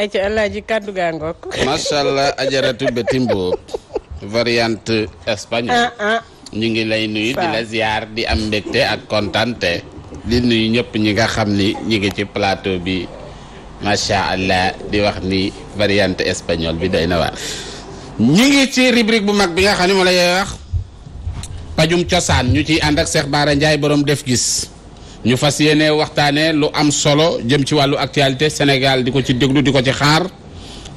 ay ci alaaji kàddu gaa ngoog macha allah ajaratu betimbo variante espagnole ah, ah. ñu ngi lay nuyu di la di am mbégte ak kontante di nuyu ñëpp ñi nga xam ni ñi ngi ci plateau bi macha allah di wax ni variante espagnole bi day na waar ñi ngi ci rubrique bu mag bi nga xam ne moo lay wax pajum cosaan ñu ciy ànd ak Cheikh Bara Ndiaye borom def gis ñu fas yéene waxtaanee lu am solo jëm ci wàllu actualité Sénégal di ko ci déglu di ko ci xaar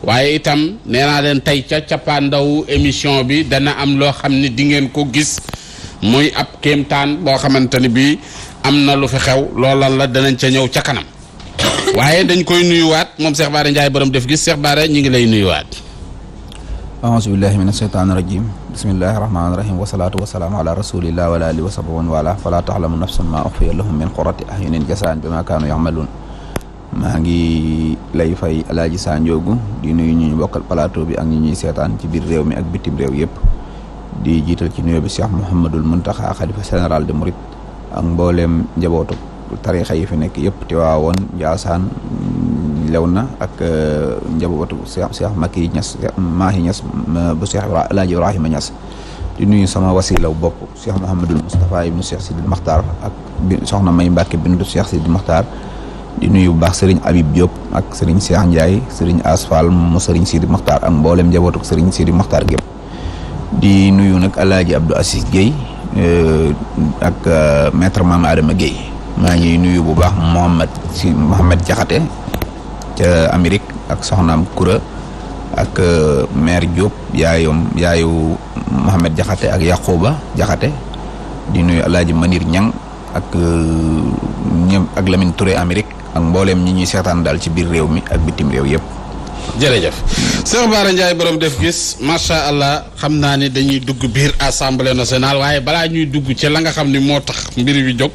waaye itam nee naa leen tey ca cappaandawu émission bi dana am loo xam ni di ngeen ko gis muy ab kéemtaan boo xamante ni bii am na lu fi xew loolan la danañ ca ñëw ca kanam waaye dañ koy nuyuwaat moom Cheikh Bara Ndiaye borom def gis Cheikh Bara ñu ngi lay nuyuwaat. ahousubillahi min asheytaan irajim bismillahi irahmanirahim wasalatu wasalaamu ala rasulillah wala alihi wa sahbi man fala taalamu nafsun maa uxfiya lahum min qurati ahyunin jasaan bi ma kaanu yaxmaluun maa ngi lay fay alaaji sanjoogu di nuyu ñu ñu bokkal plateau bi ak ñi ñuy seetaan ci biir réew mi ak bitim réew yëpp di jiital ci nuyoo bi cheikh mouhamadul muntaxa xalifa général de murit ak mbooleem njabootu tarixa yi fi nekk yëpp te waawoon njaasaan Léona ak euh, njabootu Cheikh Cheikh Macky Niass Mahi Niass bu Cheikh Alaaji a Niass di nuyu sama wasilaw bopp Cheikh Mouhamadul Moustapha ibnu Cheikh Sidil Makhtar ak bi soxna May Mbàkke bintu Cheikh Sidil Makhtar di nuyu bu baax Serigne Habib ak Serigne Cheikh Ndiaye Serigne Asfal mu Serigne Sidil Makhtar ak mboolem njabootu Serigne Sidil Makhtar di nuyu nag Alaaji Abdou Assis Guèye euh, ak euh, maître Mame Adama Guèye maa ngi nuyu bu baax Mouhamed si Jaxate ca Amérique ak soxnaam Koura ak euh, maire Diop yaayom yaayu Mohamed Jaxate ak Yaqooba Jaxate di nuyu alaaji Manir Ñang ak euh, ñëm ak Lamine Touré Amérique ak mbooleem ñi ñuy seetaan daal ci biir réew mi ak bitim réew yëpp jërëjëf Cheikh Bara Ndiaye borom def gis macha allah xam naa ne dañuy dugg biir assemblée nationale waaye balaa ñuy dugg ci la nga xam ni moo tax mbiri bi jóg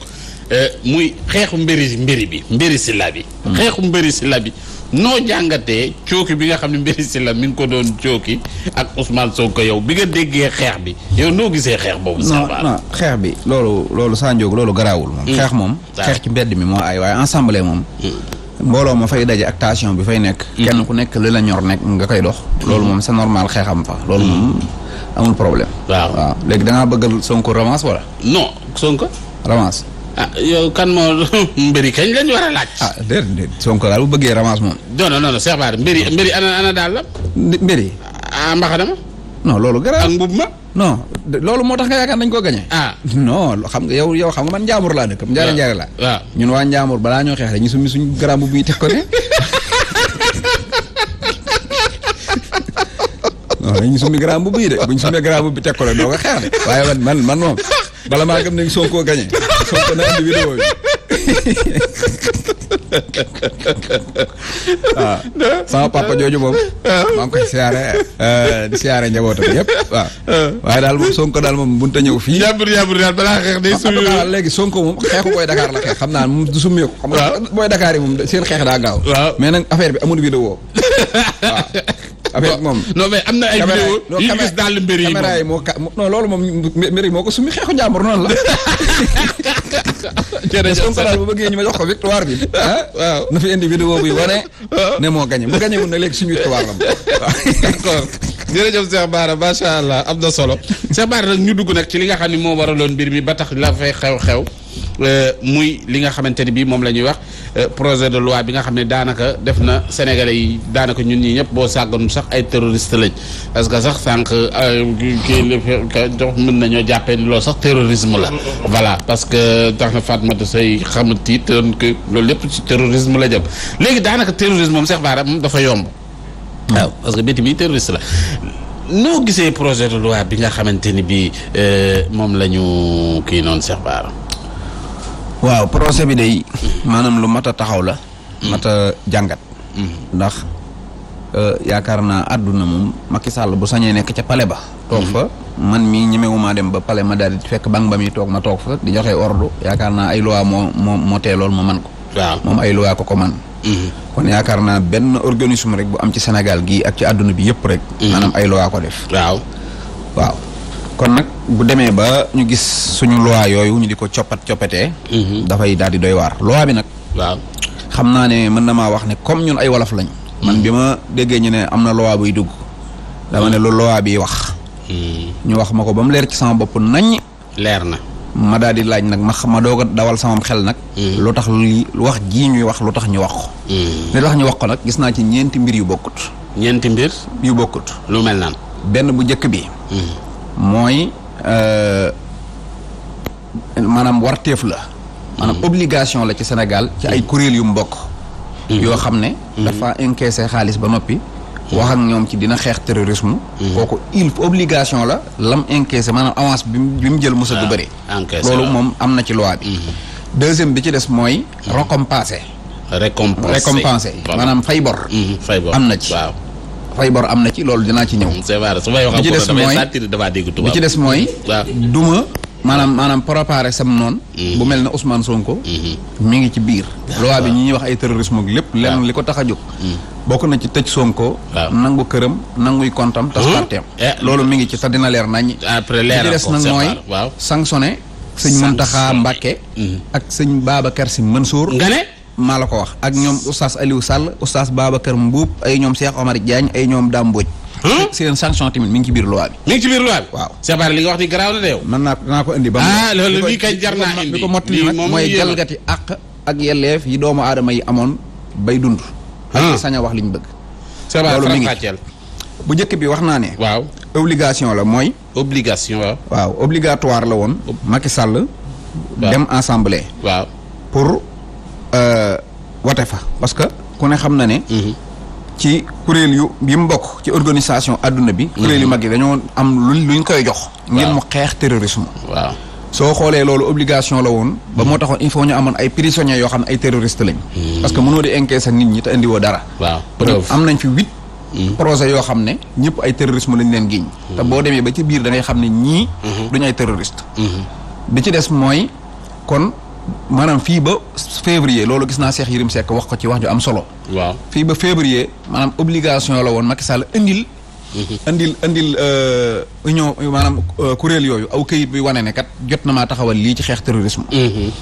euh, muy xeexu mbiri mbiri bi mbiri si la bi mm. xeexu mbiri si la bi noo jàngatee cooki bi nga xam ne Mbéri la mi ngi ko doon cooki ak Ousmane ko yow bi nga déggee xeex bi yow noo gisee xeex boobu. non non xeex bi loolu loolu saa loolu garaawul moom. Mm. xeex moom xeex ci mbedd mi moo ay waaye ensemble moom. Mm. mbooloo ma fay daje ak tension bi fay nekk. Mm. kenn ku nekk li la ñor nekk nga koy dox. loolu moom c'est normal xeexam fa loolu moom amul problème. waaw waaw léegi da ngaa bëggal Sonko romance wala. non Sonko. romance. Ah, yow kan moo mbëri kañ lañ war a laaj. ah déedéet Sonko daal bu bëggee ramasse moom. non non non Cheikh Bara mbëri a ana ana daal la. mbëri. ah mbaxana ma. non loolu garaaw mbub ma. non loolu moo tax nga yaakaar nañ koo gañe. ah non xam nga yow yow xam nga man Njaamur laa dëkk. Njaara ah. Njaara laa. Ah. ñun waa Njaamur balaa ñoo xeex rek ñu summi suñu garab bu buy teg ko ne. non dañuy summi bu buy de bu buy teg ko ne doo ko xeex de waaye man man moom bala maa gëm ne Sonko gañe Sonko na indi vidéo bi waaw ah, sama papa jooju moom ah. maa ngi koy siyaare eh, di siyaare njabootam yëpp waaw ah. waaye daal moom Sonko daal moom bunta ñëw fii yàmbur yàmbur daal balaa xeex day summi daal moom xeexu booy Dakar la xeex xam naa moom du summi ko xam booy Dakar yi moom seen xeex daa gaaw mais affaire bi amul vidéo waaw affaire bi moom non mais noonu la jërëjëf Sonko daal bu bëggee ñu ma jox ko victoire bi ah, ah, waaw na fi indi vidéo buy wane ah. ne moo gañe bu gañewul na léegi suñu victoire la d'accord jërëjëf Cheikh Bara macha allah am na solo Cheikh Bara nag ñu dugg nag ci li nga xam ne moo waraloon mbir mi ba tax la fay xew-xew Euh, muy li nga xamante ni bii moom la ñuy wax euh, projet de loi bi nga xam ne daanaka def na sénégalais yi daanaka ñun ñi ñëpp boo sàgganu sax ay terroriste lañ parce que sax sànq kii euh, jox nañoo jàppee ni loolu sax terrorisme la voilà parce que tax na Fatmata Seye xamati que loolu lépp ci terrorisme la jëm léegi daanaka terrorisme moom Cheikh Bara dafa yomb waaw parce que béti bi terroriste la noo gisee projet de bi nga xamante ni bii moom la ñu kii noonu Cheikh Bara waaw procès bi day maanaam lu mat a taxaw la mat a jàngat ndax euh, yaakaar naa àdduna moom makki Sall bu sañee nekk ca pale ba toog fa man mii ñemewumaa dem ba pale ma daal di fekk banque ba muy toog ma toog fa di joxe ordre yaakaar naa ay loi moo moo moo tee lool ma man ko waaw moom ay loi ko ko man mm-hmm. kon yaakaar naa benn organisme rek bu am ci Sénégal gii ak ci àdduna bi yëpp rek mm-hmm. maanaam ay loi ko def waaw kon nag bu demee ba ñu gis suñu loi yooyu ñu di ko coppat coppatee. Mhm. dafay daal doy waar loi bi nag. waaw xam naa ne mën na maa wax ne comme ñun ay wolof lañ. man bi ma déggee ñu ne am na loi buy dugg. dama ne lu loi bi wax. Mhm. ñu wax ma ko ba mu leer ci sama bopp nañ. leer na. ma daal di laaj nag ma xam ma doog a dawal samam xel nag. Mhm. lu tax lu wax jii ñuy wax lu tax ñu wax ko. li tax ñu wax ko nag gis naa ci ñeenti mbir yu bokkut. ñeenti mbir. yu bokkut. lu mel nan benn bu njëkk bi. mooy euh, maanaam warteef la. maanaam hmm. obligation la ci Sénégal ci ay hmm. kuréel yu mbokk. Hmm. yoo xam ne. dafa encaissé xaalis ba noppi. wax ak ñoom ci dina xeex terrorisme. kooku il obligation la. lam encaissé maanaam avance bi mu jël mos a du bëri. loolu moom am na ci loi bi. deuxième bi ci des mooy. récompensé. récompensé maanaam fay bor. am na ci. fay bor am na ci loolu dinaa ci ñëw. c'est vrai su may wax ci des mooy damaa dégg tubaab bi ci des duma maanaam maanaam préparé sam noonu. Mm-hmm. bu mel ne Ousmane Sonko. Mm-hmm. mi ngi ci biir. loi bi ñu ñuy wax ay terrorisme ak lépp. lenn li ko tax a jóg. Mm. bokk na ci tëj Sonko. nangu këram nanguy kontam tas parteem. Eh. loolu mi ngi ci sax dina leer nañ après leeral ko des nag mooy sanctionné. sëñ Muntaxa Mbàkke mm-hmm. ak sëñ Babacar Si mën nga ne maa la ko wax ak ñoom oustaz Aliou Sall oustaz Babacar Mbuub ay ñoom Cheikh Omar Diagne ay ñoom Dame Mbodj seen sanction tamit mi ngi ci biir loi bi. mi ngi ci biir loi bi. waaw Cheikh Bara li nga wax ni garaaw na de yow. mën naa ko naa ko indi ba. ah loolu lii kay jar naa indi bi ko mottali nag mooy jalgati àq ak yelleef yi doomu aadama yi amoon bay dund. Ah. ak sañ a wax li ñu bëgg. Cheikh Bara faram fàcceel bu njëkk bi wax naa ne. waaw obligation la mooy. obligation waaw. waaw obligatoire la woon. Macky Sall. dem assemblée. waaw pour. Euh, wate fa parce que ku ne xam na ne mhm. ci kuréel yu yi mu mbokk ci organisation adduna bi mhm. kuréel yu mag yi dañoo am lu ñu koy jox ngir mu xeex terrorisme waaw soo xoolee loolu obligation la woon ba moo taxoon il ñu amoon ay prisonniers yoo xam ne ay terroristes lañ mhm. parce que mënoo di encaisser nit ñi te indiwoo dara waaw am nañ fi huit prose yoo xam ne ñëpp ay terrorisme lañ leen giñ te boo demee ba ci biir da xam ne ñii duñu ay terroriste bi ci des mooy kon maanaam fii ba février loolu gis naa Cheikh Yérim Seck wax ko ci wax ju am solo. waaw fii ba février maanaam obligation la woon Macky Sall indil. Mhm. indil indil euh, union maanaam euh, kuréel yooyu aw këyit bi wane ne kat jot na maa taxawal lii ci xeex terrorisme. Mhm.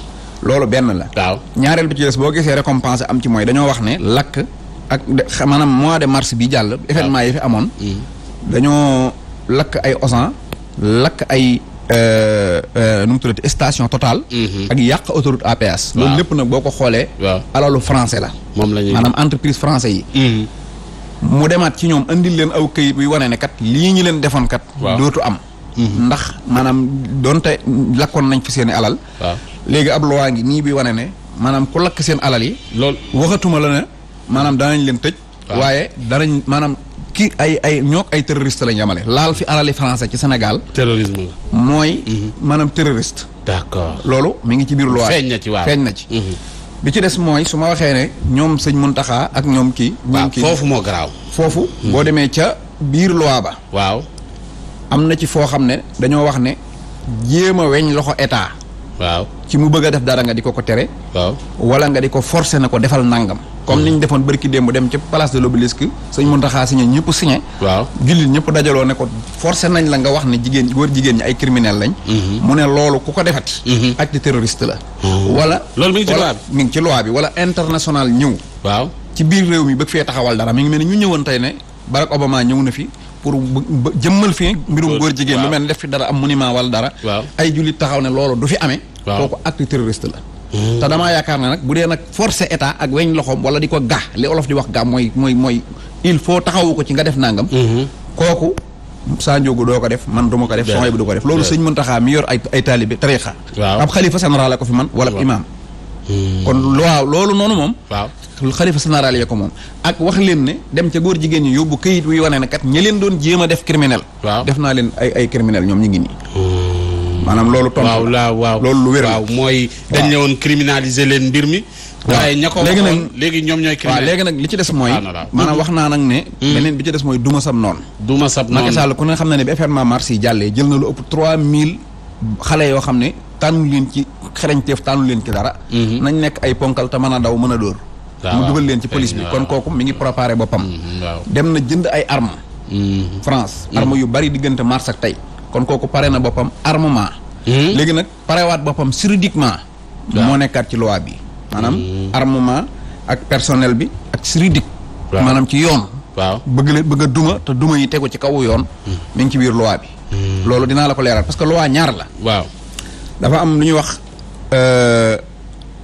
loolu benn la. waaw ñaareel bi ci boo gisee récompense am ci mooy dañoo wax ne. lakk ak maanaam mois de mars bi jàll. événement yi fi amoon. Mhm. dañoo lakk ay osan. lakk ay. Euh, euh, nu mu tuddati station totale. Mhm. ak yàq autoroute APS. loolu lépp nag boo ko xoolee. alalu français la. moom la ñuy maanaam entreprise français yi. Mhm. mu demaat ci ñoom andil leen aw këyit bi wanee ne kat lii ñu leen defoon kat. dootu am. Mhm. ndax maanaam donte lakkoon nañ fi seen i alal. léegi ab loi ngi nii bi wane ne maanaam ku lakk seen alal yi. loolu waxatuma la ne maanaam danañ leen tëj. waaye danañ maanaam. ki ay ay ñook ay terroriste lañ yamale laal fi alali français ci Sénégal. terrorisme la mooy. Mhm. maanaam terroriste. d'accord loolu mi ngi ci biir loi feeñ na ci waaw feeñ na ci. Mhm. bi ci des mooy su ma waxee ne ñoom sëñ mun Muntaxa ak ñoom kii. ñoom kii foofu moo garaaw. foofu mhm. boo demee ca biir loi ba. waaw am na ci foo xam ne dañoo wax ne jéem a weñ loxo état. waaw ci mu bëgg a def dara nga di ko ko tere. waaw wala nga di ko forcer na ko defal nangam. comme hmm. ni ñu defoon barki démb dem ci place de l'obélisque sëñ Muntaxa signé ñëpp signé. waaw jullit ñëpp dajaloo ne ko forcer nañ la nga wax ne jigéen góor jigéen ñi ay criminel lañ. Hmm. mu ne loolu ku ko defati. Hmm. acte terroriste la. wala loolu mi ngi ci loi bi mi ngi ci loi bi wala international ñëw. waaw ci biir réew mi bëgg fee taxawal dara mi ngi mel ni ñu ñëwoon tey ne Barack Obama ñëw na fi. pour jëmmal fi mbirum góor jigéen lu mel ne def fi dara am monument wala dara ay taxaw ne loolu du fi amee kooku acte terroriste la te damaa yaakaar ne nag bu dee nag forcer état ak weñ loxoom wala di ko ga li olof di wax ga mooy mooy il faut taxawu ko ci nga def nangam mhm. kooku Sa Ndiogou doo ko def man du ko def sooy bu du ko def loolu sëñ Muntaxa mi yor ay ay taalibe tarixa ab xalifa général ko fi man wala imam hmm. kon waaw loolu noonu moom xalifa général yee ko moom ak wax leen ne dem ca góor jigéen ñi yóbbu kayit wi wane ne kat ñi leen doon jéem a def criminel def naa leen ay ay criminel ñoom ñu ngi nii hmm. maanaam loolu. tontu la waaw loolu lu wér. waaw mooy dañ woon criminaliser leen mbir mi. waaye ña ko waxoon léegi ñoom ñooy. criminaliser waaw léegi nag li ci des mooy. Ah, maanaam wax naa nag ne. Hmm. beneen bi ci des mooy duma sab noonu. duma sab noonu Macky Sall ku ne xam na ne bi événement mars yi jàllee jël na lu ëpp 3000 xale yoo xam ne tànnu leen ci xereñteef tànnu leen ci dara. Hmm. nañ nekk ay ponkal te mën a daw mën a dóor. mu dugal leen ci police bi hmm, kon kooku mu ngi préparé boppam. dem na jënd ay armes. France armes yu bari diggante mars ak tey kon kooku pare na boppam armement Hmm? léegi nag parewaat boppam juridiquement moo nekkaat ci loi bi maanaam hmm. armement ak personnel bi ak juridique maanaam ci yoon waaw bëgg leen bëgg duma te duma yi tegu ci kawu yoon hmm. mi ci biir loi bi loolu dinaa la ko leeral parce que loi ñaar la waaw dafa am lu ñuy wax euh,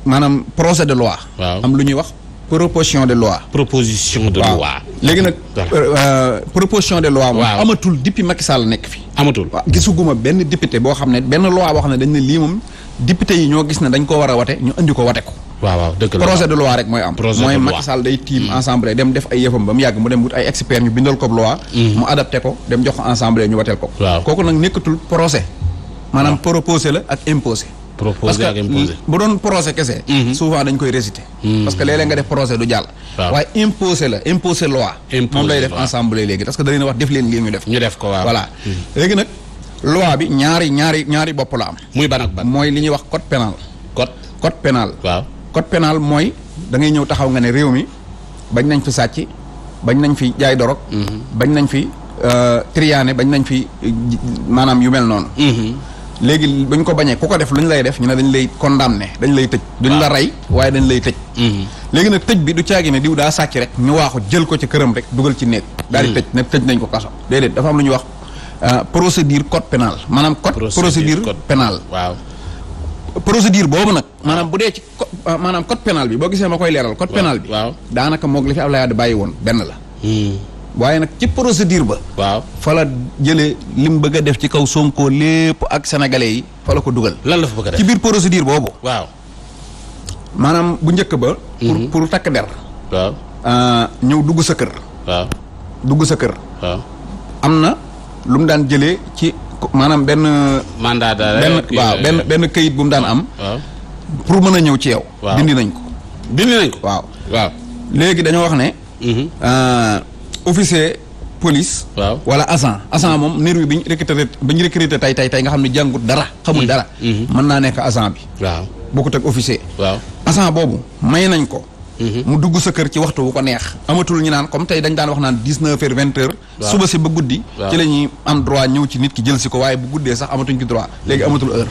maanaam projet de loi am lu ñuy wax proposition de loi. proposition de loi. waaw léegi nag. Euh, euh, proposition de loi. waaw amatul depuis Macky Sall nekk fi. amatul waaw gisuguma benn député boo xam ne benn loi wax ne dañ ne lii moom député yi ñoo gis ne dañ ko war a wate ñu indi ko wate ko. waaw waaw dëgg la de loi rek mooy am. projet de loi mooy Macky Sall day tiim mm. ensemble dem def ay yëfam ba mu yàgg mu dem wut ay expert ñu bindal ko loi. Mm. mu adapté ko dem jox ko ensemble ñu wateel ko. waaw kooku nag nekkatul projet. maanaam proposé la ak imposé. proposé parce que bu doon projet kese. Mhm. souvent dañ koy réciter. Mhm. parce que léeg-léeg nga def projet du jàll. waaye imposé la imposé loi. imposé moom lay def ensemble léegi parce que da leen wax def leen lii ñu def. ñu mhm. léegi nag loi bi ñaari ñaari ñaari bopp la am. muy ban ak ban mooy li ñuy wax code pénal. code code pénal. waaw code pénal mooy da ngay ñëw taxaw nga ne réew mi bañ nañ fi sàcc bañ nañ fi jaay dorog. bañ nañ fi euh, triané bañ nañ fi euh, maanaam yu mel noonu. léegi bañ ko bañee ku ko def lu lay def ñu ne dañ lay condamné dañ lay tëj duñ la rey waaye dañ lay tëj mhm. léegi nag tëj bi du caagi ne diw daa sàcc rek ñu waaxu jël ko ci këram rek dugal ci néeg daa di mhm. tëj ne tëj nañ ko kaso déedéet dafa am lu ñuy wax euh, procédure code pénal maanaam code procédure pénal waaw procédure boobu nag maanaam bu dee ci euh, maanaam code pénal bi boo gisee ma koy leeral code pénal bi daanaka moog li fi Abdoulaye Wade bàyyi woon benn la mhm. waaye nag ci procédure ba. waaw fa la jëlee lim bëgg a def ci kaw Sonko lépp ak sénégalais yi fa ko dugal. lan la fa bëgg a def ci biir procédure boobu. waaw. maanaam bu njëkk ba. pour mhm. pour takk der. Euh, ñëw dugg sa kër. dugg sa kër. am na lu daan jëlee ci maanaam benn. mandat daal benn benn benn kayit bu mu daan am. waaw pour mën a ñëw ci yow. dindi nañ ko. dindi nañ ko waaw. léegi dañoo wax ne. Mhm. Euh, officier police. waaw wala agent agent moom nervi bi ñu recruté ba ñu recruté tey tey tey nga xam ne jàngut dara. xamul mm-hmm. dara. Mm-hmm. mën naa nekk agent bi. waaw bokkut ak officier. waaw agent boobu may nañ ko. Mm-hmm. mu dugg sa kër ci waxtu wu ko neex. amatul ñu naan comme tey dañ daan wax naan dix neuf heures vingt heures. suba si ba guddi. ci la am droit ñëw ci nit ki jël si ko waaye bu guddee sax amatuñ ci droit léegi amatul heure.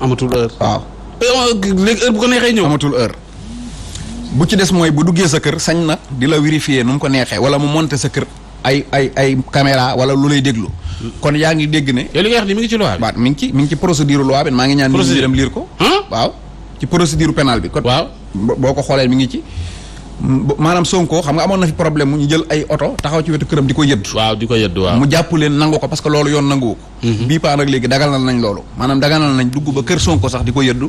amatul heure waaw. Euh, léegi heure bu ko neexee ñëw amatul heure. bu ci des mooy bu duggee sa kër sañ na di la vérifier nu mu ko neexee wala mu monter sa kër ay ay ay caméra wala lu lay déglu. kon yaa ngi dégg ne. yow li nga wax ni mi ngi ci loi bi. mi ngi ci mi ngi ci ngi ñaan. procédure dem lire ko. waaw ci procédure pénale boo ko xoolee mi ngi ci. maanaam Sonko xam nga amoon na fi problème mu ñu jël ay oto taxaw ci wetu këram di ko yëdd waaw di mu jàpp leen nangu ko parce que loolu yoon nanguwu ko mhm. bii paa nag léegi daganal nañ loolu maanaam daganal nañ dugg ba kër Sonko sax di ko yëddu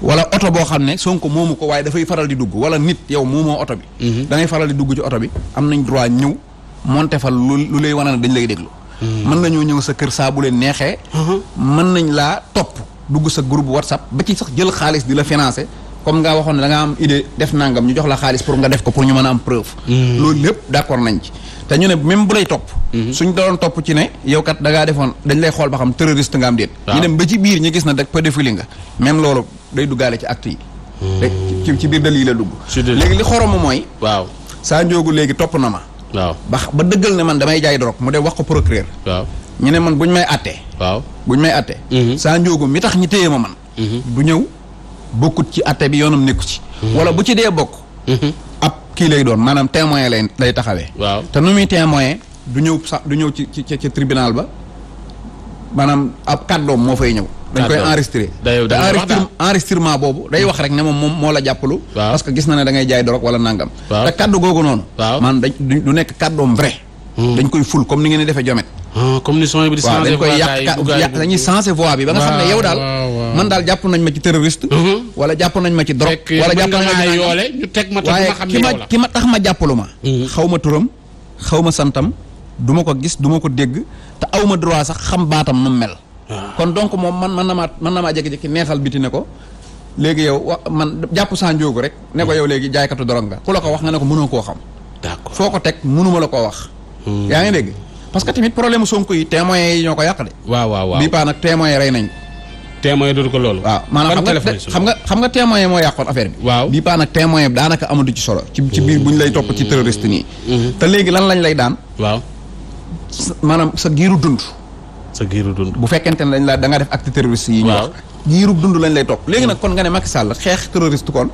wala oto boo xam ne Sonko moomu ko waaye dafay faral di dugg wala nit yow moomoo oto bi. Mhm. dangay faral di dugg ci oto bi am nañ droit ñëw monte fa lu lu lay wane ne dañ lay déglu. Mhm. mën nañoo ñëw sa kër saa bu leen neexee. Mhm. mën nañ laa topp dugg sa groupe WhatsApp ba ci sax jël xaalis di la financer comme ngaa waxoon ne nga am def nangam ñu jox xaalis pour nga def ko pour ñu mën a am preuve. loolu lépp d'accord nañ ci. te ñu ne même bu lay topp. suñ doon topp ci ne yow kat da ngaa defoon dañ lay xool ba xam terroriste nga am déet. ñu dem ba ci biir ñu gis na dag pédophile nga. même loolu day duggaale ci acte yi. Hmm. ci biir dal la dugg. léegi li xorom mooy. waaw saa njoogu léegi topp na ma. waaw ba ba dëggal ne man damay jaay drogue mu dee wax ko procureur. waaw ñu ne man buñ may àttee. bu buñ may àttee. Hmm. saa njoogu mi tax ñi téye ma man. Hmm. du ñëw bokkut ci àtte bi yoonam nekku ci. wala bu ci dee bokk. ab kii lay doon maanaam témoin lay lay taxawee. waaw te nu muy témoin du ñëw sax du ñëw ci ci ci tribunal ba maanaam ab kàddoom moo fay ñëw. dañ koy enregistré te enregistrement boobu day wax rek ne moom moom moo la jàppalu parce que gis na ne da ngay jaay dorog wala nangam te kaddu googu noonu maanaam du nekk kaddoom vrai hmm. dañ koy ful comme ni ngeen di defee jomet hmm, comme ni son bi di dañ koy yàq dañuy changé voix bi ba nga xam ne yow daal man daal jàpp nañ ma ci terroriste hmm. wala jàpp nañ ma ci drogue wala jàpp nañ ma yoole ñu ma waaye ki ma tax ma jàppalu ma xaw ma turam xaw ma santam du ma ko gis du ma ko dégg te aw ma droit sax xam baatam mel kon donc moom man man na maa mën na maa jékki-jékki neexal biti ne ko léegi yow wa man jàpp saa njóogu rek ne ko yow léegi jaaykatu dorog nga ku la ko wax nga ne ko mënoo koo xam d'accord foo ko teg mënuma la koo wax hmm. yaa ngi dégg parce que tamit problème Sonko yi yi ñoo ko yàq waaw waaw waaw bii paa rey nañ témoin dootu ko loolu. waaw maanaam xam nga xam nga témoin moo yàqoon affaire bi. waaw bii paa nag témoin daanaka amatu ci solo. ci ci biir bu ñu lay topp ci terroriste nii. Hmm. te léegi lan lañ lay daan. waaw maanaam sa giiru dund. sa giiru bu fekkente ne dañ laa da ngaa def acte terroriste yi ñu wax dund lañ lay topp léegi nag kon nga ne Macky Sall xeex terroriste kon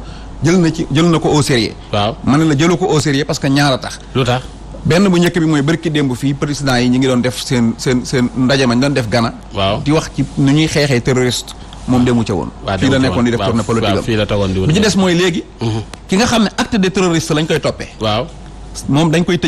jël na ci jël na ko au sérieux la jëlu ko au parce que ñaar a tax lu tax benn bu njëkk bi mooy bërki démb fii président yi ñi ngi doon def seen seen seen ndaje mañ doon def Gana waaw di wax ci nu ñuy xeexee terroriste moom demu ca woon fii la nekkoon di def tournée politique am bi ci des mooy léegi mhm. ki nga xam ne acte de koy toppee waaw moom dañ koy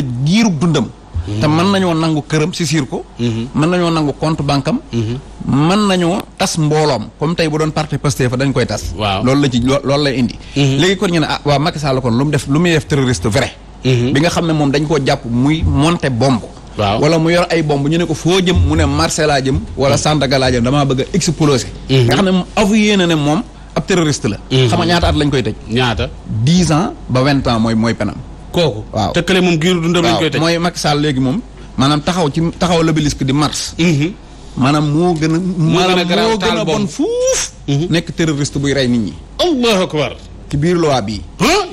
te mën nañoo nangu këram si siir ko mhm. mën nañoo nangu compte banque am mhm. mën nañoo tas mbooloom comme tey bu doon parti Pastef fa dañ koy tas waaw loolu la ci loolu lay indi mhm. léegi kon ñu ah waa Macky Sall kon lu mu def lu muy def terroriste vrai bi nga xam ne moom dañ ko jàpp muy monter bombe waaw wala mu yor ay bomb ñu ne ko foo jëm mu ne Marseille laa jëm wala santa laa jëm damaa bëgg a exploser nga xam ne mu avoué na ne moom ab terroriste la xam nga ñaata at lañ koy tëj ñaata dix ans ba vingt ans mooy mooy penam kooku waaw te kële moom giiru dundam lañ koy teg mooy Macky Sall léegi moom maanaam taxaw ci taxaw l'obélisque di mars mhm. maanaam moo gën a maanaam moo gën a bon fuuf mhm. nekk terroriste buy rey nit ñi allahu akbar ci biir loi bii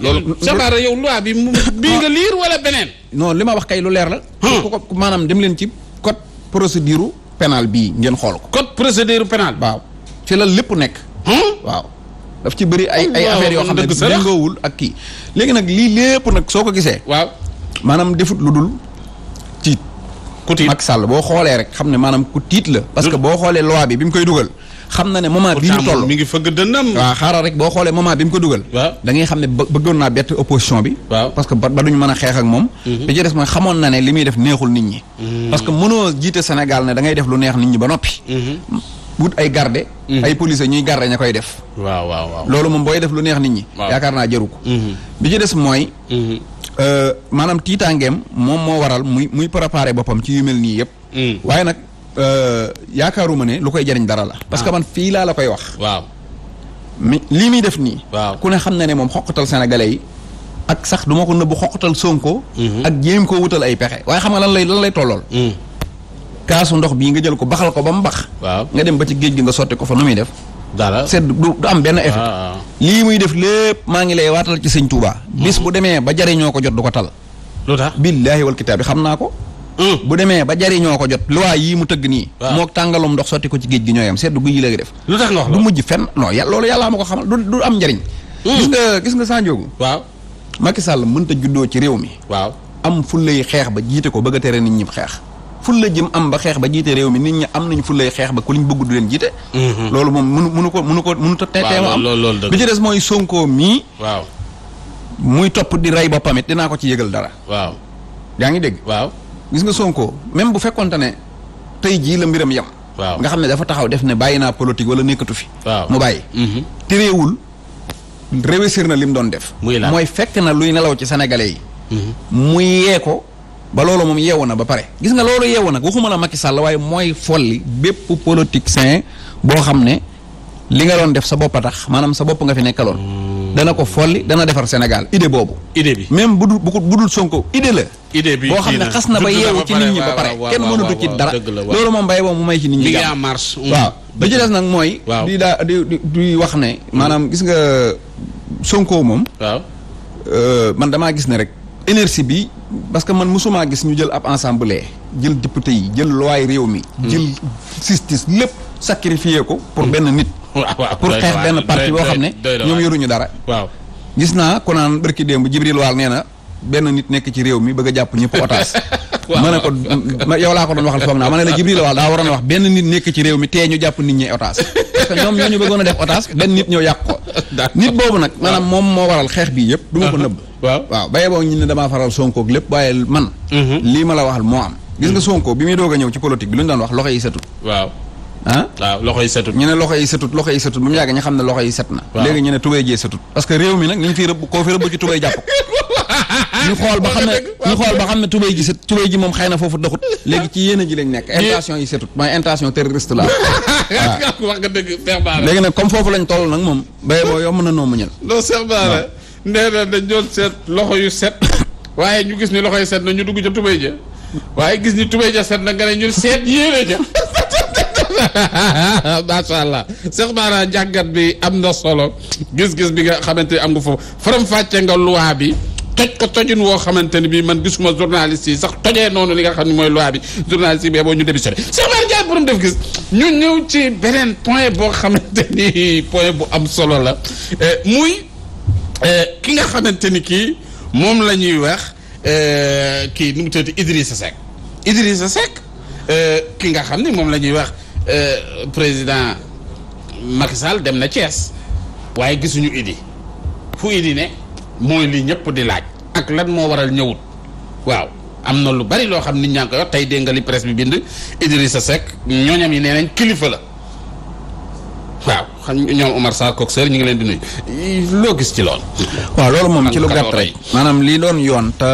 loolu sabaara yow loi bi bii nga liir wala beneen non li ma wax kay lu leer la ku ko maanaam dem leen ci code procédure pénal bii ngeen xool ko code procédure pénal waaw ci la lépp nekk waaw daf ci bëri ay ay yoo xam ne dëngoowul ak kii léegi nag lii lépp nag soo ko gisee waaw maanaam defut lu dul tiit ku tiit Macky Sall boo xoolee rek xam ne maanaam ku tiit la parce que mm. boo xoolee loi bi bi mu koy dugal xam na ne moment bi ñu toll ngi fëgg dënnam waaw xaaral rek boo xoolee moment bi mu ko dugal waaw da xam ne bëggoon naa bett opposition bi waaw parce que ba duñu mën a xeex ak moom mm-hmm. bi ci des mooy xamoon na ne li muy def neexul nit ñi mm. parce que mënoo jiite Sénégal ne da def lu neex nit ñi ba noppi mm-hmm. wut ay garde mm-hmm. ay police ñuy garde ña koy def. waaw waaw loolu moom booy def lu neex nit ñi. yaakaar naa jëru ko. Mm-hmm. bi ci des mooy. Mm-hmm. Euh, maanaam tiitaangeem moom moo waral muy muy préparé boppam ci yu nii yëpp. Mm. waaye nag euh, yaakaaruma ne lu koy jariñ dara la. parce que ah. man fii laa la koy wax. waaw mi lii muy def nii. waaw ku ne xam na ne moom xoqatal sénégalais yi. ak sax du ma ko nëbbu xoqatal Sonko. ak jéem koo wutal ay pexe waaye xam lan lay lan lay tollool. Mm. kaasu ndox bii nga jël ko baxal ko ba mu bax. waaw nga dem ba ci géej gi nga sotti ko fa nu muy def. sedd du am benn effet. Ah, ah. lii muy def lépp maa ngi lay waatal ci sëñ Touba. Mhm. bis bu demee ba jariñoo ko jot du ko tal. lu tax billaahi wal kitaab bi xam naa ko. Mm. bu demee ba jariñoo ko jot loi yii mu tëgg nii moo tàngalum ndox sotti ko ci géej gi ñooy am seddu guyi léegi def lu tax nga wax du mujj fenn non yàlla loolu yàllaa ma ko xamal du am njariñ mm. gis nga gis nga sanjoogu waaw Macky Sall mënta juddoo ci réew mi waaw am fullay xeex ba jiite ko bëgga a tere nit ñi xeex fulla jëm am ba xeex ba jiite réew mi nit ñi am nañ fullay xeex ba ku liñ bëgg du leen jiite mhm. loolu moom munu munu ko munu ko munu te teema am bi ci des mooy Sonko mii waaw muy topp di rey boppam it dinaa ko ci yëgal dara waaw yaa ngi dégg waaw gis nga Sonko même bu fekkonte ne tey jii la mbiram yem waaw nga xam ne dafa taxaw def ne bàyyi naa politique wala nekkatu fi waaw mu bàyyi mhm. téréewul réussir na li mu doon def mooy fekk na luy nelaw ci sénégalais yi mhm. mu yee ko ba loolu moom yeewu na ba pare gis nga loolu yeewu nag waxuma la Macky Sall waaye mooy folli bépp politicien boo xam ne li nga doon def sa bopp a maanaam sa bopp nga fi nekkaloon. Hmm. dana ko folli dana defar Sénégal idée boobu. idée bi même bu dul bu dul Sonko idée la. idée bi boo xam ne xas na ba yeewu ci nit ñi ba pare kenn mënatu ci dara loolu moom mbay boobu mu may ci nit ñi. jàmm mm. waaw ba ci des nag mooy. di daa di di wax ne. maanaam gis nga Sonko moom. Euh, man damaa gis ne rek énergie bi. parce que man mosumaa gis ñu jël ab ensemble jël député yi jël loi réew mi. jël justice lépp sacrifié ko. pour benn nit. pour xeex benn parti boo xam ne. ñoom yoruñu dara. waaw gis naa ko naan barki démb Jibril Waal nee na benn nit nekk ci réew mi bëgg a jàpp ñëpp otage. ma ne ko ko doon waxal foog naa ma ne la Jibril Waal daa waroon wax benn nit nekk ci réew mi tee ñu jàpp nit ñi otage. parce ñoom ñoo ñu bëggoon a def otage benn nit ñoo yàq ko. nit boobu nag maanaam moom moo waral xeex bi yëpp du ma ko nëbb waaw waaw ba yeboo ñu ne damaa faral Sonko lépp waaye man. Mhm. lii ma la waxal moo am. gis nga Sonko bi muy doog a ñëw ci politique bi lu ñu daan wax loxo yi setut. waaw. ah waaw loxo yi setut ñu ne loxo yi setut ba mu yàgg ñu xool ba xam ne ñu xool ba xam ne tubéy ji set tubéy ji moom xëy na foofu doxut léegi ci yéene ji lañ nekk intention yi setut mooy intention terroriste la waaw wax nga dëgg léegi nag comme foofu lañ toll nag moom béye boo yomb na noo muñal nee da dañ seet loxo yu set waaye ñu gis ni loxo yu set na ñu dugg ca tubéy ja waaye gis ni tubéy ja set na nga ne ñun seet yéene ja macha allah sax maanaam jàngat bi am na solo gis-gis bi nga xamante ni am nga foofu faram-fàcce nga luwaa bi toj ko tojun woo xamante ni bii man gisuma journaliste yi sax tojee noonu li nga xam ne mooy loi bi journaliste yi bee boo ñu démissionné sax maanaam jaay borom def gis ñu ñëw ci beneen point boo xamante ni point bu am solo la eh, muy. Euh, ki nga xamante ni kii moom la ñuy wax euh, kii nu mu tuddati Idrissa Seck Idrissa Seck euh, ki nga xam ne moom la ñuy wax président Macky Sall dem na Thiès waaye gisuñu Idi fu Idi ne mooy lii ñëpp di laaj. ak lan moo waral ñëwut waaw am na lu bari loo xam nit ñaa ngi tey dégg nga li presse bi bind Idrissa Seck ñooñam yi nee nañ kilifa la. xam ñoom Omar Sarr ñu ngi leen di nuyu loo gis ci lool waaw loolu moom ci lu gàtt rek maanaam lii doon yoon te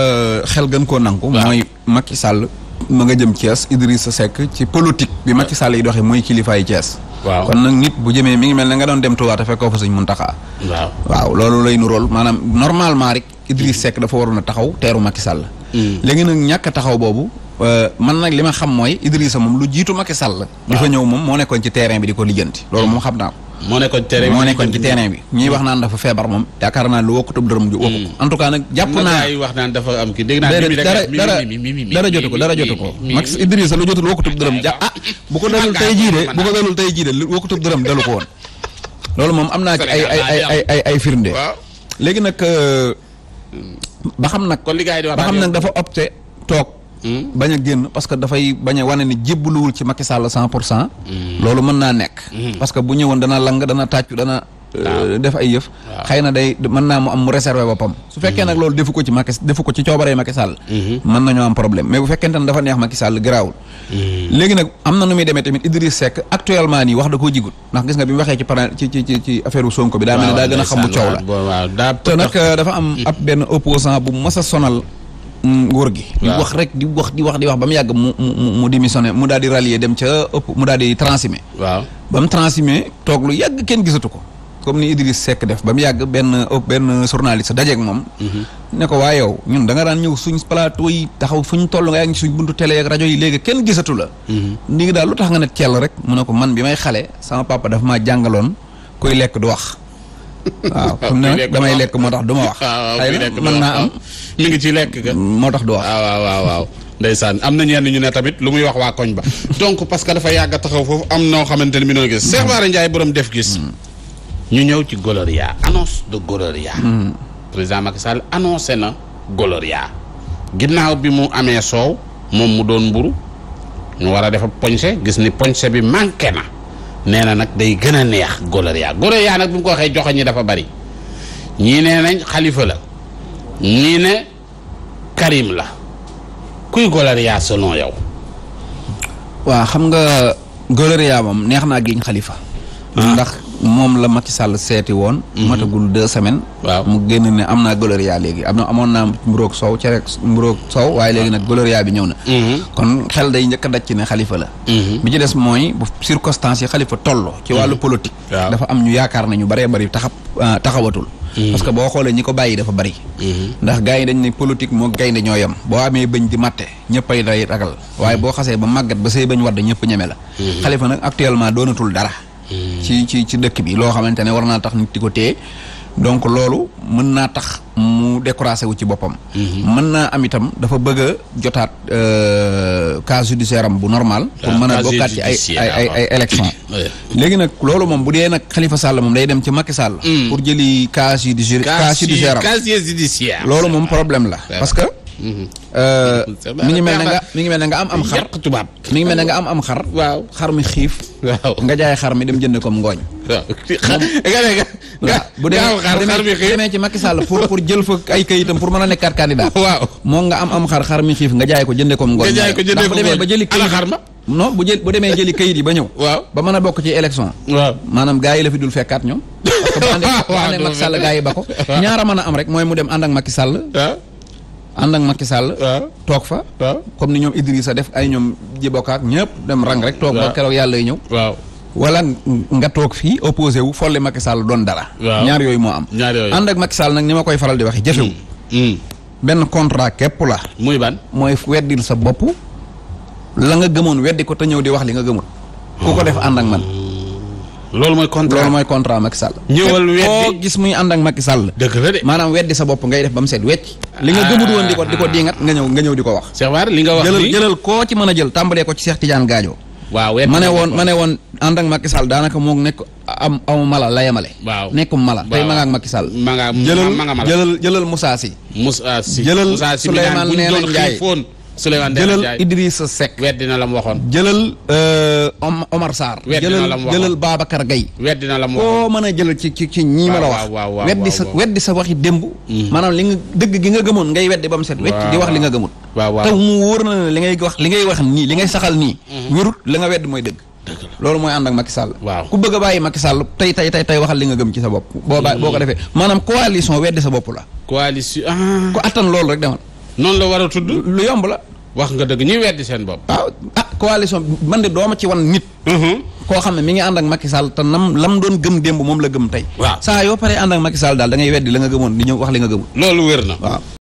xel gën koo nangu mooy Macky sàll ma nga jëm Thiès Idrissa sekk ci politique bi Macky Sall yi doxee mooy kilifaayu Thiès waaw kon nag nit bu jëmee mi ngi mel ne nga doon dem Touba te fekkoo fa sëñ Muntaxa waaw waaw loolu lay nurool maanaam normalement rek Idriss Seck dafa waroon a taxaw teeru Macky Sall mm. léegi nag ñàkk taxaw boobu euh, man nag li ma xam mooy Idrissa moom lu jiitu Macky Sall. di fa ñëw moom moo nekkoon ci terrain bi ko lijjanti. loolu moom xam naa moo nekkoon terrain moo nekkoon ci terrain bi ñuy wax naan dafa feebar moom yaakaar naa lu wokkutub dërëm ju wokku hmm. en tout cas nag jàpp naa wax naa mimi dara dara jotu ko dara jotu ko Max Idrissa lu jotul wokkutub dërëm ja ah bu ko dalul tey jii bu ko dalul tey jii de wokkutub dërëm dalu ko woon loolu moom am naa ci ay ay ay ay ay firnde léegi nag euh, ba xam nag ba xam nag dafa te toog Hmm. bañ a génn parce que dafay bañ a wane ni jébbaluwul ci Macky Sall cent pour cent. Hmm. loolu mën naa nekk. Hmm. parce que bu ñëwoon dana lang dana tàccu dana. Euh, def ay yëf. xay na day mën naa mu am mu réserver boppam. su fekkee nag loolu defu ko ci Macky defu ko ci coobaree Macky Sall. mën nañoo am problème mais bu fekkente ne dafa neex Macky Sall garaawul. léegi nag am na nu muy demee tamit Idriss Seck actuellement nii wax da koo jigul ndax gis nga bi mu waxee ci par ci ci ci affaire Sonko bi. daa mel ne daa a xam bu coow la. te nag dafa am ab benn opposant bu nguur gi. di wax rek di wax di wax di wax ba mu yàgg mu mu mu mu daal di rallier dem ca ëpp mu daal di transhumé. waaw ba mu transhumé toog lu yàgg kenn gisatu ko. comme ni Idriss Seck def ba mu yàgg benn benn journaliste dajeeg moom. Mhm. ne ko waa yow ñun da nga daan ñëw suñ plateau yi taxaw fuñ toll nga yaa ngi suñ buntu télé ak rajo yi léegi kenn gisatu la. léegi mhm. daal lu tax nga ne teel rek mu ne ko man bi may xale sama papa daf maa jàngaloon kuy lekk du wax. waaw xam ne damay lekk moo tax du ma wax. xëy na am mi ngi ci lekk moo tax du wax ah, waaw waaw waaw. ndeysaan am na ñenn ñu ne tamit lu muy wax waa koñ ba. donc parce que dafa yàgg taxaw foofu am noo xamante ne bi noonu gis. Cheikh Bara Ndiaye borom def gis. Hmm. ñu ñëw ci Gloria annonce de hmm. président Macky Sall annoncé na goloria ginnaaw bi mu amee soow moom mu doon mburu ñu war a def poñse gis ni poñse bi manqué na. nee na nag day gën a neex Goloria Goloria nag bu ñu ko waxee joxe ñi dafa bari ñii nee nañ xalifa la ñii ne Karim la kuy Goloria selon yow. waaw xam nga Goloria moom neex naa giñ xalifa. Ah. ndax. moom la Macky Sall seeti woon. Mhm. matagul deux semaine waaw mu génn ne am naa gloria léegi am na amoon naa mburoog soow cere mburoog soow waaye léegi nag gloria bi ñëw na. Mhm. kon xel day njëkk a daj ci ne xalifa la. Mhm. bi ci des mooy bu circonstances yi xalifa tolloo. ci wàllu politique. dafa am ñu yaakaar ne ñu bëree bëri taxab euh, taxawatul. parce que boo xoolee ñi ko bàyyi dafa bari. ndax gars yi dañ ne politique moo gaynde ñoo yem boo amee bëñ di matte ñëppay day ragal waaye boo xasee ba màggat ba say bañ wadd ñëpp ñeme la. xalifa actuellement doonatul dara. ci ci ci dëkk bi loo xamante ne war naa tax nit di ko téye donc loolu mën naa tax mu découragé wu ci boppam mhm. mën naa am itam dafa bëgg a jotaat euh, cas judiciaire am bu normal pour ah, mën a bokkaat ci ay ah. ay ay élection léegi nag loolu moom bu dee nag Khalifa Sall moom day dem ci Macky Sall mm. pour jëli cas judiciaire cas judiciaire am loolu moom problème la parce que Euh, mi ngi mel ne nga mi ngi mel ne nga am am xar tubaab mi ngi mel ne nga am am xar. waaw xar mi xiif. waaw nga jaay xar mi dem jënd comme ngooñ. waaw xar nga ne nga. bu demee demee ci Macky Sall pour pour jël fa ay kayitam pour mën a nekkaat candidat. waaw moom nga am am xar xar mi xiif nga jaay ko jëndee comme ngooñ. nga jaay ko ndax ba jëli kayit xar demee jëli kayit yi ba ñëw. waaw ba mën a bokk ci élection. maanaam gaa yi la dul fekkaat ñoom. parce que bu àndee Macky Sall yi ba ko ñaara mën a am rek mooy mu dem ànd ak Macky Sall ànd ak Macky Sall. toog fa. comme ni ñoom Idrissa def ay ñoom jibokaak ñëpp dem rang rek. toog ba keroog yàlla lay ñëw. waaw wala nga toog fii opposé wu folle Macky Sall doon dara. ñaar yooyu moo am. ñaar yooyu ak Macky Sall nag ni ma koy faral di waxee jafewu. Mm. Mm. benn contrat képp la. muy ban mooy weddil sa bopp. la nga gëmoon weddi ko te ñëw di wax li nga gëmul. ku ko def àndak man. loolu mooy contrat loolu mooy contrat ñëwal weddi koo gis muy ànd ak Macky Sall. la de maanaam weddi sa bopp ngay def ba mu set wecc. li nga gëmut woon di ko di ko diingat nga ñëw di ko wax. Cheikh Bara li nga jëlal koo ci mën a jël tàmbalee ko ci Cheikh Tidiane Gadio. waaw ma ne woon ma ne woon ànd ak Macky Sall daanaka moo nekk am amu mala la yemale. waaw nekkum mala tey ma nga ak Macky Sall. ma ma nga jëlal jëlal jëlal si Sy. Moussa Sy Moussa Sy mi naan Souleymane Demba Ndiaye jëlal Idrissa Seck. weddi la mu waxoon jëlal euh, Omar Sarr. weddi na la mu waxoon jëlal Babacar Gueye. weddi na la mu waxoon koo mën a jëlal ci ci ci ñii ma la wax. waaw weddi sa weddi sa waxi démb. Hmm. maanaam li nga dëgg gi nga gëmoon ngay weddi ba mu set. wecc di wax li nga gëmoon waaw te na ne li ngay wax li ngay wax nii li ngay saxal nii. Hmm. wérut la nga weddi mooy dëgg. loolu mooy ànd ak Macky Sall waaw ku bëgg a bàyyi Macky Sall tey tey tey tey waxal li nga gëm ci sa bopp boo baa boo ko defee maanaam coalition weddi sa bopp la coalition ah. ku attan loolu rek demal noonu la war a tudd lu yomb la wax nga dëgg ñuy weddi seen bopp. waaw ah coalition man de dooma ci wan nit. Mm-hmm. koo xam ne mu ngi ànd ak Macky Sall te nam lam doon gëm démb moom la gëm tey. waaw saa yoo paree ànd ak Macky Sall daal dangay ngay weddi la nga gëmoon ni ñëw wax li nga gëmul. loolu wér na waaw.